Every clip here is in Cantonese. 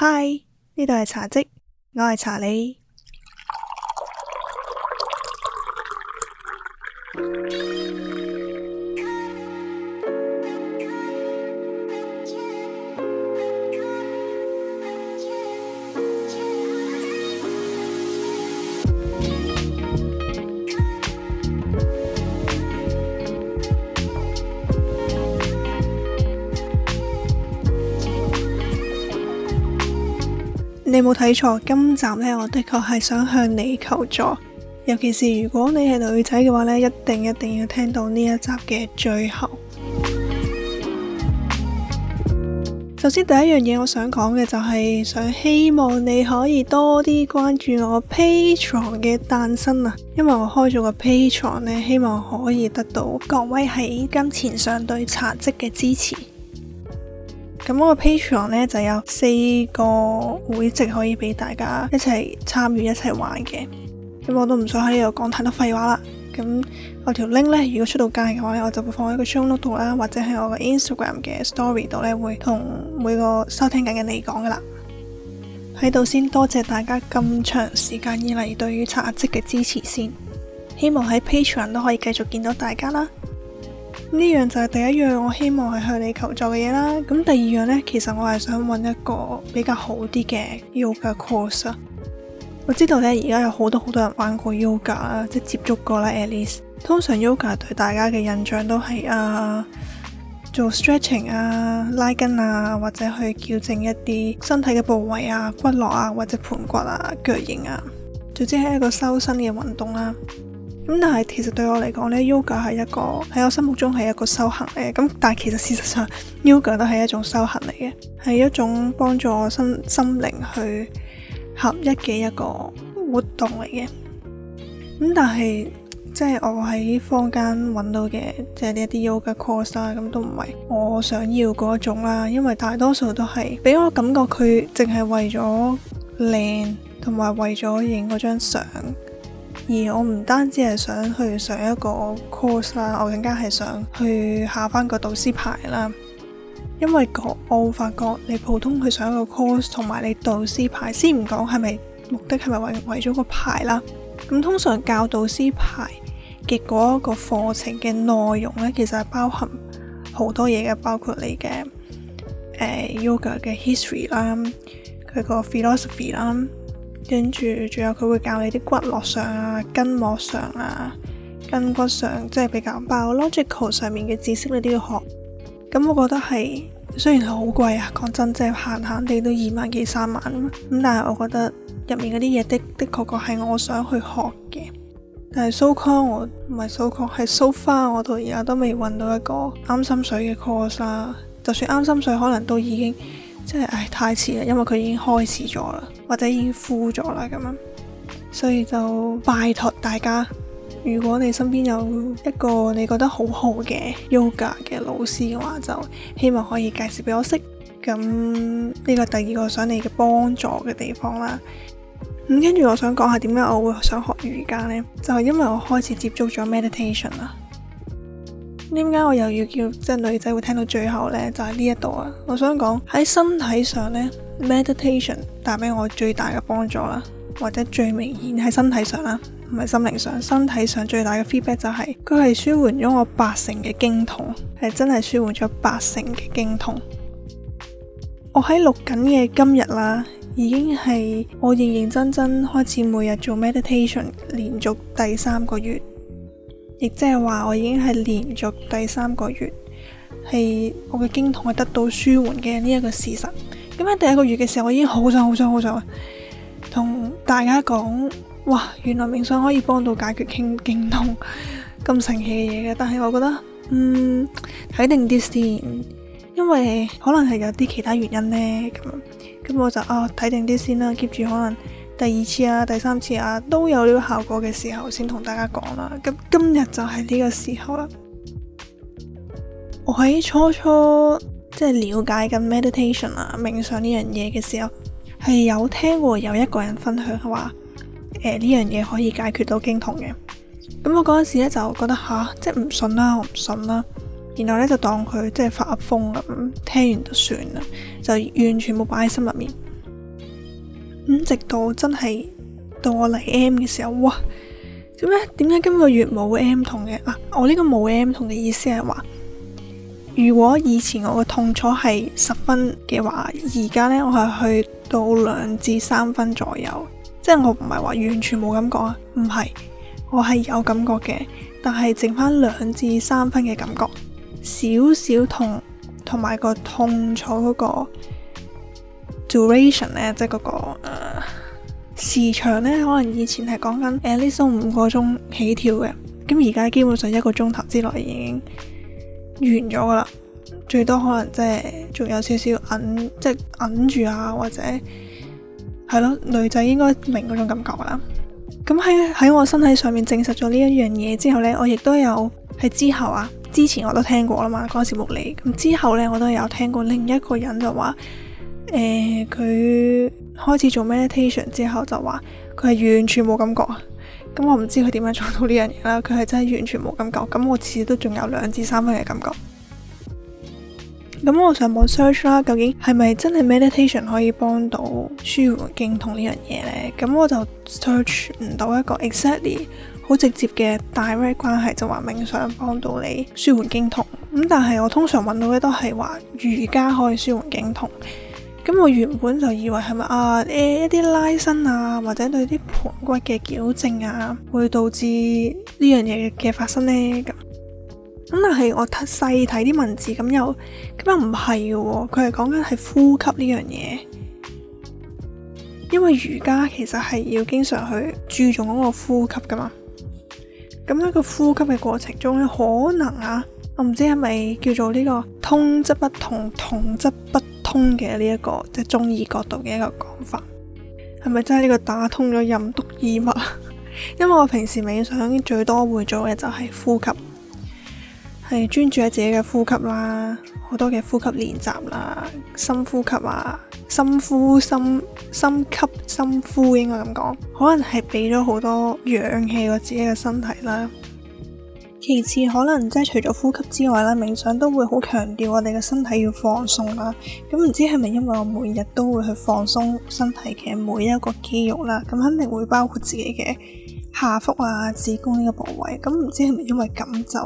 嗨，呢度係茶迹，我係茶你.。 你冇睇錯，今集呢，我的確係想向你求助。尤其是如果你係女仔嘅話呢，一定一定要聽到呢一集嘅最後。 首先第一樣嘢我想講嘅就係、是、想希望你可以多啲關注我 Patreon 嘅誕生啊，因為我開咗個 Patreon 咧，希望可以得到各位喺金錢上對茶漬嘅支持。咁我個 Patreon 咧就有四個會籍可以俾大家一齊參與一齊玩嘅，咁我都唔想喺呢度講太多廢話啦。咁我條 link 咧，如果出到街嘅話咧，我就會放喺個 show note 度啦，或者喺我個 Instagram 嘅 story 度咧，會同每個收聽緊嘅你講噶啦。喺度先多謝大家咁長時間以嚟對於刷壓積嘅支持先，希望喺 Patreon 都可以繼續見到大家啦。呢樣就係第一樣我希望係向你求助嘅嘢啦。咁第二樣呢，其實我係想揾一個比較好啲嘅 yoga course。我知道呢，而家有好多好多人玩過 yoga 啦，即係接觸過啦。At least，通常 yoga 對大家嘅印象都係啊做 stretching 啊、拉筋啊，或者去矯正一啲身體嘅部位啊、骨骼啊或者盆骨啊、腳型啊，總即係一個修身嘅運動啦、啊。咁但係其實對我嚟講呢 yoga 係一個喺我心目中係一個修行嚟嘅。咁但係其實事實上 yoga 都係一種修行嚟嘅，係一種幫助我心心靈去合一嘅一個活動嚟嘅。咁但係即係我喺坊間揾到嘅，即係呢一啲 yoga course 啊，咁都唔係我想要嗰一種啦，因為大多數都係俾我感覺佢淨係為咗靚，同埋為咗影嗰張相。而我唔單止係想去上一個 course 啦，我更加係想去考翻個導師牌啦。因為個我發覺你普通去上一個 course 同埋你導師牌，先唔講係咪目的係咪為為咗個牌啦。咁通常教導師牌結果個課程嘅內容呢，其實係包含好多嘢嘅，包括你嘅誒、呃、yoga 嘅 history 啦，佢個 philosophy 啦。跟住，仲有佢會教你啲骨骼上啊、筋膜上啊、筋骨上，即係比較 biological 上面嘅知識，你都要學。咁、嗯、我覺得係，雖然係好貴啊，講真，即係閒閒地都二萬幾三萬咁。但係我覺得入面嗰啲嘢的的，的確確係我想去學嘅。但係 so core 我唔係 so core 係 so far 我到而家都未揾到一個啱心水嘅 course 啦、啊。就算啱心水，可能都已經。即係唉，太遲啦，因為佢已經開始咗啦，或者已經 full 咗啦咁樣，所以就拜託大家，如果你身邊有一個你覺得好好嘅瑜伽嘅老師嘅話，就希望可以介紹俾我識。咁呢、這個第二個想你嘅幫助嘅地方啦。咁跟住我想講下點解我會想學瑜伽呢，就係、是、因為我開始接觸咗 meditation 啦。點解我又要叫即係女仔會聽到最後呢？就係呢一度啊！我想講喺身體上呢 meditation 帶俾我最大嘅幫助啦，或者最明顯喺身體上啦，唔係心靈上。身體上最大嘅 feedback 就係佢係舒緩咗我八成嘅經痛，係真係舒緩咗八成嘅經痛。我喺錄緊嘅今日啦，已經係我認認真真開始每日做 meditation，連續第三個月。亦即係話，我已經係連續第三個月係我嘅經痛係得到舒緩嘅呢一個事實。咁喺第一個月嘅時候，我已經好想好想好想同大家講，哇！原來冥想可以幫到解決經經痛咁神奇嘅嘢嘅。但係我覺得，嗯，睇定啲先，因為可能係有啲其他原因呢。咁咁我就啊睇定啲先啦，keep 住可能。第二次啊，第三次啊，都有呢個效果嘅時候，先同大家講啦。咁今日就係呢個時候啦。我喺初初即係了解緊 meditation 啊，冥想呢樣嘢嘅時候，係有聽過有一個人分享話，誒、呃、呢樣嘢可以解決到經痛嘅。咁我嗰陣時咧就覺得吓、啊，即係唔信啦，我唔信啦。然後咧就當佢即係發阿瘋咁，聽完就算啦，就完全冇擺喺心入面。咁直到真係到我嚟 M 嘅時候，哇！做咩？點解今個月冇 M 痛嘅？嗱、啊，我呢個冇 M 痛嘅意思係話，如果以前我個痛楚係十分嘅話，而家呢，我係去到兩至三分左右，即係我唔係話完全冇感覺啊，唔係，我係有感覺嘅，但係剩翻兩至三分嘅感覺，少少痛同埋個痛楚嗰、那個。duration 咧，即係嗰個時長咧，可能以前係講緊誒 at least 五個鐘起跳嘅，咁而家基本上一個鐘頭之內已經完咗噶啦，最多可能即係仲有少少韌，即係韌住啊，或者係咯，女仔應該明嗰種感覺啦。咁喺喺我身體上面證實咗呢一樣嘢之後咧，我亦都有喺之後啊，之前我都聽過啦嘛，嗰陣時無理咁之後咧，我都有聽過另一個人就話。誒，佢、呃、開始做 meditation 之後就話佢係完全冇感覺啊。咁我唔知佢點樣做到呢樣嘢啦。佢係真係完全冇感覺。咁我次次都仲有兩至三分嘅感覺。咁我上網 search 啦，究竟係咪真係 meditation 可以幫到舒緩經痛呢樣嘢呢？咁我就 search 唔到一個 exactly 好直接嘅 direct 關係，就話冥想幫到你舒緩經痛。咁但係我通常揾到嘅都係話瑜伽可以舒緩經痛。咁我原本就以為係咪啊，誒、欸、一啲拉伸啊，或者對啲盆骨嘅矯正啊，會導致呢樣嘢嘅發生呢。咁。咁但係我細睇啲文字，咁又咁又唔係嘅喎，佢係講緊係呼吸呢樣嘢，因為瑜伽其實係要經常去注重嗰個呼吸噶嘛。咁喺個呼吸嘅過程中咧，可能啊，我唔知係咪叫做呢、這個通則不同，不同則不。通嘅呢一個，即係中醫角度嘅一個講法，係咪真係呢個打通咗任督二脈？ 因為我平時冥想最多會做嘅就係呼吸，係專注喺自己嘅呼吸啦，好多嘅呼吸練習啦，深呼吸啊，深呼深深吸深呼，應該咁講，可能係俾咗好多氧氣我自己嘅身體啦。其次，可能即係除咗呼吸之外啦，冥想都會好強調我哋嘅身體要放鬆啦。咁唔知係咪因為我每日都會去放鬆身體嘅每一個肌肉啦，咁肯定會包括自己嘅下腹啊、子宮呢個部位。咁唔知係咪因為咁就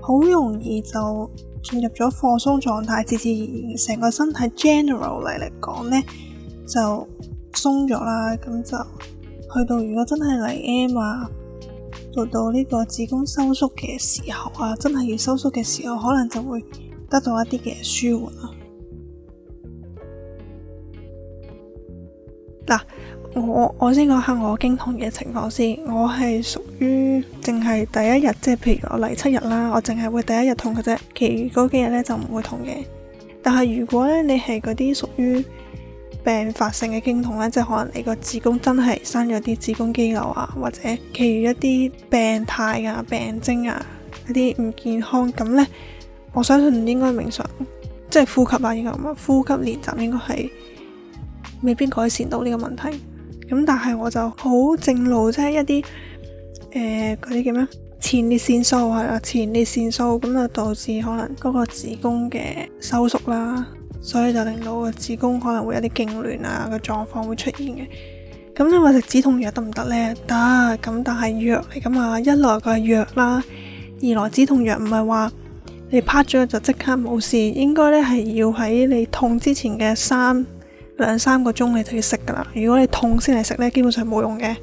好容易就進入咗放鬆狀態，自自然然成個身體 general 嚟嚟講咧就鬆咗啦。咁就去到如果真係嚟 M 啊。做到呢個子宮收縮嘅時候啊，真係要收縮嘅時候，可能就會得到一啲嘅舒緩啦。嗱、啊，我我先講下我經痛嘅情況先。我係屬於淨係第一日，即係譬如我嚟七日啦，我淨係會第一日痛嘅啫，其餘嗰幾日咧就唔會痛嘅。但係如果咧，你係嗰啲屬於。病發性嘅經痛咧，即係可能你個子宮真係生咗啲子宮肌瘤啊，或者其餘一啲病態啊、病徵啊一啲唔健康，咁咧我相信應該平常即係呼吸啊，應該咁啊，呼吸練習應該係未必改善到呢個問題。咁但係我就好正路，即係一啲誒嗰啲叫咩？前列腺素係啦，前列腺素咁就導致可能嗰個子宮嘅收縮啦。所以就令到個子宮可能會有啲痙攣啊，個狀況會出現嘅。咁、嗯、你話食止痛藥得唔得呢？得，咁但係藥嚟，咁啊，一來佢係藥啦，二來止痛藥唔係話你啪咗就即刻冇事，應該咧係要喺你痛之前嘅三兩三個鐘你就要食噶啦。如果你痛先嚟食咧，基本上冇用嘅。咁、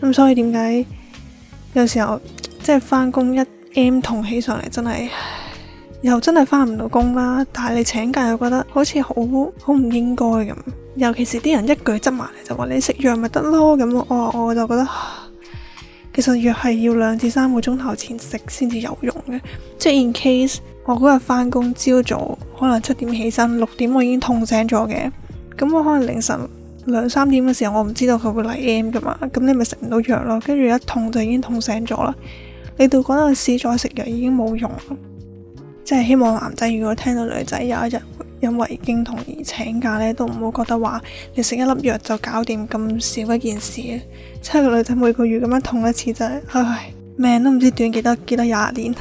嗯、所以點解有時候即係翻工一 M 痛起上嚟真係。又真係返唔到工啦，但係你請假又覺得好似好好唔應該咁。尤其是啲人一句執埋嚟就話你食藥咪得咯咁，我我就覺得其實藥係要兩至三個鐘頭前食先至有用嘅。即係 in case 我嗰日翻工朝早可能七點起身，六點我已經痛醒咗嘅，咁我可能凌晨兩三點嘅時候我唔知道佢會嚟 M 噶嘛，咁你咪食唔到藥咯。跟住一痛就已經痛醒咗啦，你到嗰陣時再食藥已經冇用即係希望男仔，如果聽到女仔有一日因為經痛而請假咧，都唔好覺得話你食一粒藥就搞掂咁少一件事啊！即係個女仔每個月咁樣痛一次就係，唉，唉，命都唔知短幾多幾多廿年。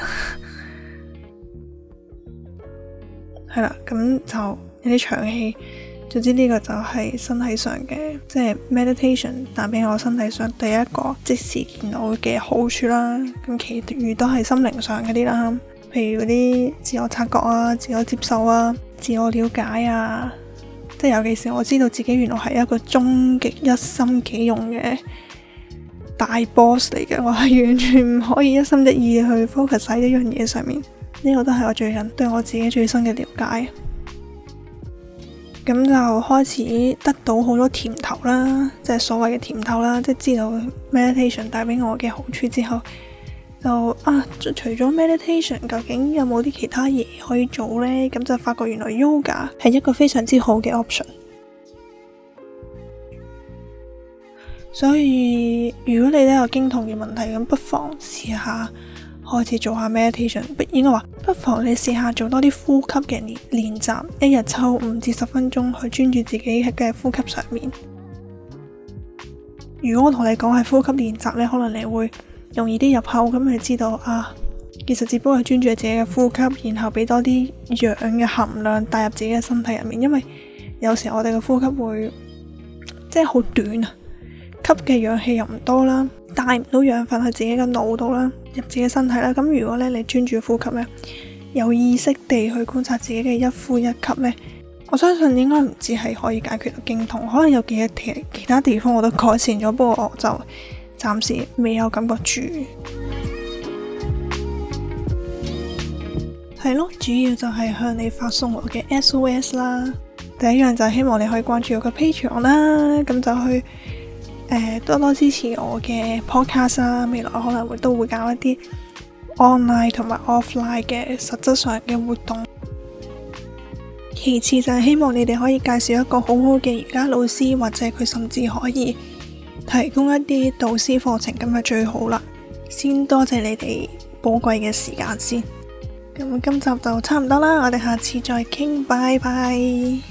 係 啦，咁就有啲長氣。總之呢個就係身體上嘅，即係 meditation 帶俾我身體上第一個即時見到嘅好處啦。咁其餘都係心靈上嗰啲啦。譬如嗰啲自我察覺啊、自我接受啊、自我了解啊，即係尤其是我知道自己原來係一個終極一心幾用嘅大 boss 嚟嘅，我係完全唔可以一心一意去 focus 喺一樣嘢上面，呢個都係我最近對我自己最新嘅了解。咁就開始得到好多甜頭啦，即係所謂嘅甜頭啦，即係知道 meditation 帶俾我嘅好處之後。就啊，除咗 meditation，究竟有冇啲其他嘢可以做呢？咁就發覺原來 yoga 係一個非常之好嘅 option。所以如果你都有經痛嘅問題，咁不妨試下開始做下 meditation。不應該話，不妨你試下做多啲呼吸嘅練練習，一日抽五至十分鐘去專注自己嘅呼吸上面。如果我同你講係呼吸練習呢，可能你會。容易啲入口，咁咪知道啊。其實只不過係專注自己嘅呼吸，然後俾多啲氧嘅含量帶入自己嘅身體入面。因為有時我哋嘅呼吸會即係好短啊，吸嘅氧氣又唔多啦，帶唔到養分去自己嘅腦度啦，入自己身體啦。咁如果咧你專注呼吸咧，有意識地去觀察自己嘅一呼一吸咧，我相信應該唔止係可以解決到頸痛，可能有幾嘅其其他地方我都改善咗。不過我就。暫時未有感覺住，係咯，主要就係向你發送我嘅 SOS 啦。第一樣就係希望你可以關注我嘅 Patreon 啦，咁就去誒、呃、多多支持我嘅 podcast 啦。未來我可能會都會搞一啲 online 同埋 offline 嘅實質上嘅活動。其次就係希望你哋可以介紹一個好好嘅瑜伽老師，或者佢甚至可以提供一啲導師課程咁咪最好啦，先多謝，謝你哋寶貴嘅時間先，咁今集就差唔多啦，我哋下次再傾，拜拜。